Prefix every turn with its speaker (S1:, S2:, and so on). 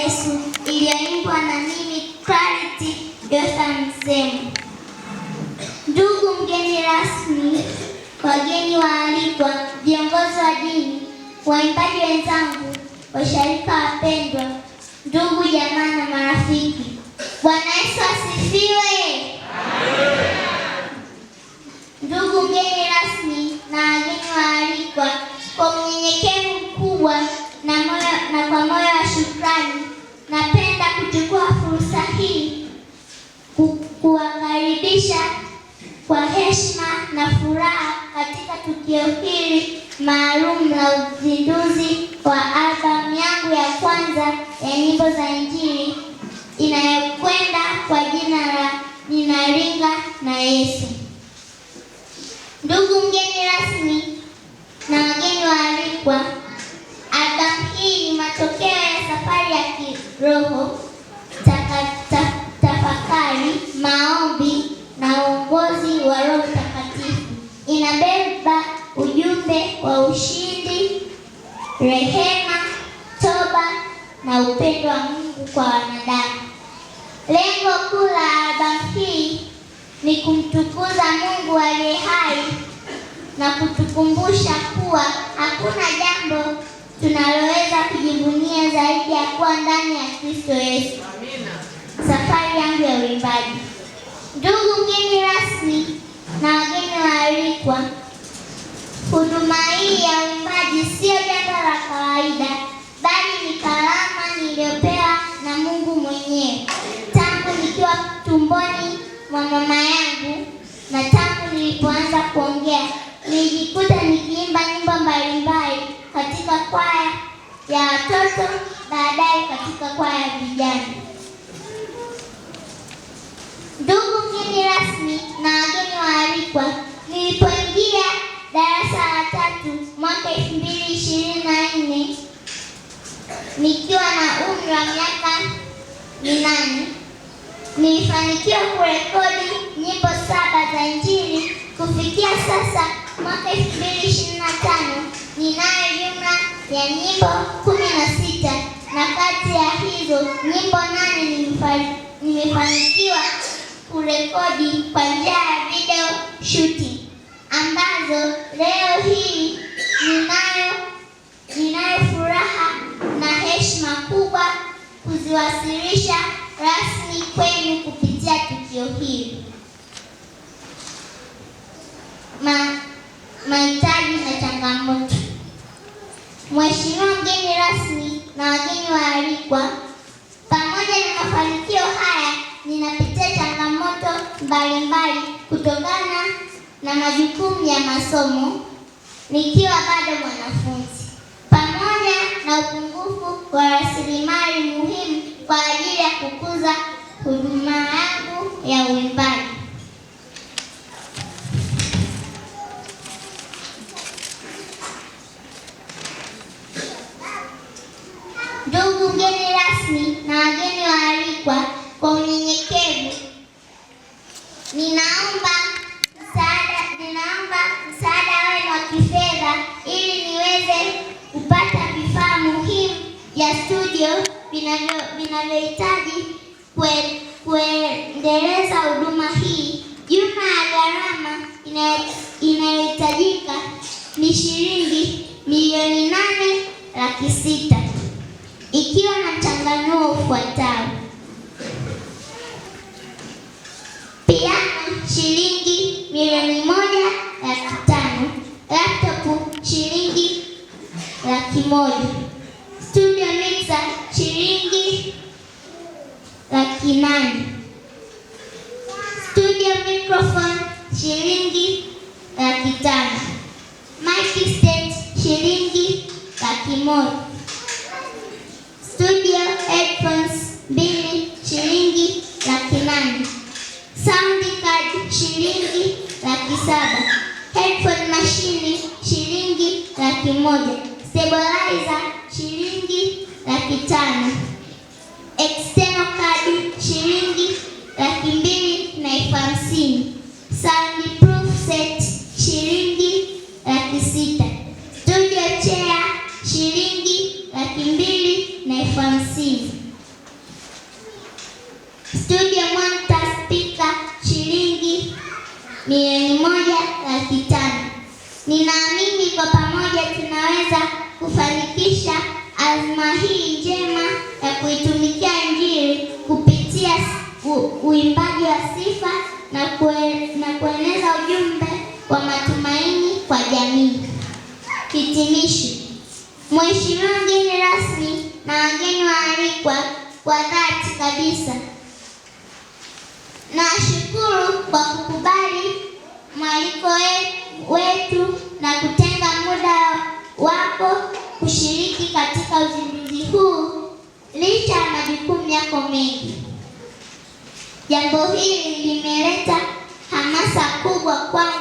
S1: Yesu iliyoimbwa na mimi Clarity Jotham Msemu. Ndugu mgeni rasmi, wageni waalikwa, viongozi wa dini, waimbaji wenzangu, washirika wapendwa, ndugu jamaa na marafiki, Bwana Yesu asifiwe. Amen. Ndugu mgeni rasmi kuwakaribisha kwa heshima na furaha katika tukio hili maalum la uzinduzi wa albamu yangu ya kwanza ya nyimbo za Injili inayokwenda kwa jina la Ninaringa na Yesu. Ndugu mgeni rasmi na wageni waalikwa, albamu hii ni matokeo ya safari ya kiroho, tafakari, maombi uongozi wa Roho Mtakatifu. Inabeba ujumbe wa ushindi, rehema, toba na upendo wa Mungu kwa wanadamu. Lengo kuu la albamu hii ni kumtukuza Mungu aliye hai na kutukumbusha kuwa hakuna jambo tunaloweza kujivunia zaidi ya kuwa ndani ya Kristo Yesu. Amina. Safari yangu ya uimbaji. Ndugu ngini kwa Huduma hii ya uimbaji sio jambo la kawaida, bali ni karama niliyopewa na Mungu mwenyewe tangu nikiwa tumboni mwa mama yangu, na tangu nilipoanza kuongea nilijikuta nikiimba nyimbo mbalimbali katika kwaya ya watoto, baadaye katika kwaya ya vijana. Ndugu mgeni rasmi na wageni waalikwa Nilipoingia darasa la tatu mwaka elfu mbili ishirini na nne nikiwa na umri wa miaka minane nilifanikiwa kurekodi nyimbo saba za Injili. Kufikia sasa mwaka elfu mbili ishirini na tano ninayo jumla ya nyimbo kumi na sita na kati ya hizo nyimbo nane nimefanikiwa kurekodi kwa njia ya video shooting ambazo leo hii ninayo ninayo furaha na heshima kubwa kuziwasilisha rasmi kwenu kupitia tukio hili. Ma, mahitaji na changamoto. Mheshimiwa mgeni rasmi na wageni waalikwa, pamoja na mafanikio haya, ninapitia changamoto mbalimbali kutokana na majukumu ya masomo nikiwa bado mwanafunzi, pamoja na upungufu wa rasilimali muhimu kwa ajili ya kukuza huduma yangu ya uimbaji. Ndugu mgeni rasmi na wageni waalikwa, kwa unyenye ya studio vinavyohitaji kuendeleza huduma hii. Jumla ya gharama inayohitajika ni shilingi milioni nane laki sita ikiwa na mchanganuo ufuatao: piano shilingi milioni moja laki tano, laptop shilingi laki moja. Imani. Studio microphone shilingi laki tano. Mic stand shilingi laki moja. Studio headphones mbili shilingi laki nane. Sound card shilingi laki saba. Headphone machine shilingi laki moja. Stabilizer shilingi laki tano external card shilingi laki mbili na elfu hamsini proof set shilingi laki sita studio chair shilingi laki mbili na elfu hamsini studio monitor speaker shilingi milioni moja laki tano. Ninaamini kwa pamoja tunaweza kufanikisha azma hii njema ya kuitumikia uimbaji wa sifa na, kue, na kueneza ujumbe wa matumaini kwa jamii. Kitimishi. Mheshimiwa mgeni rasmi na wageni waalikwa, kwa dhati kabisa nashukuru kwa kukubali mwaliko wetu na kutenga muda wako kushiriki katika uzinduzi huu licha ya majukumu yako mengi. Jambo hili limeleta hamasa kubwa kwangu.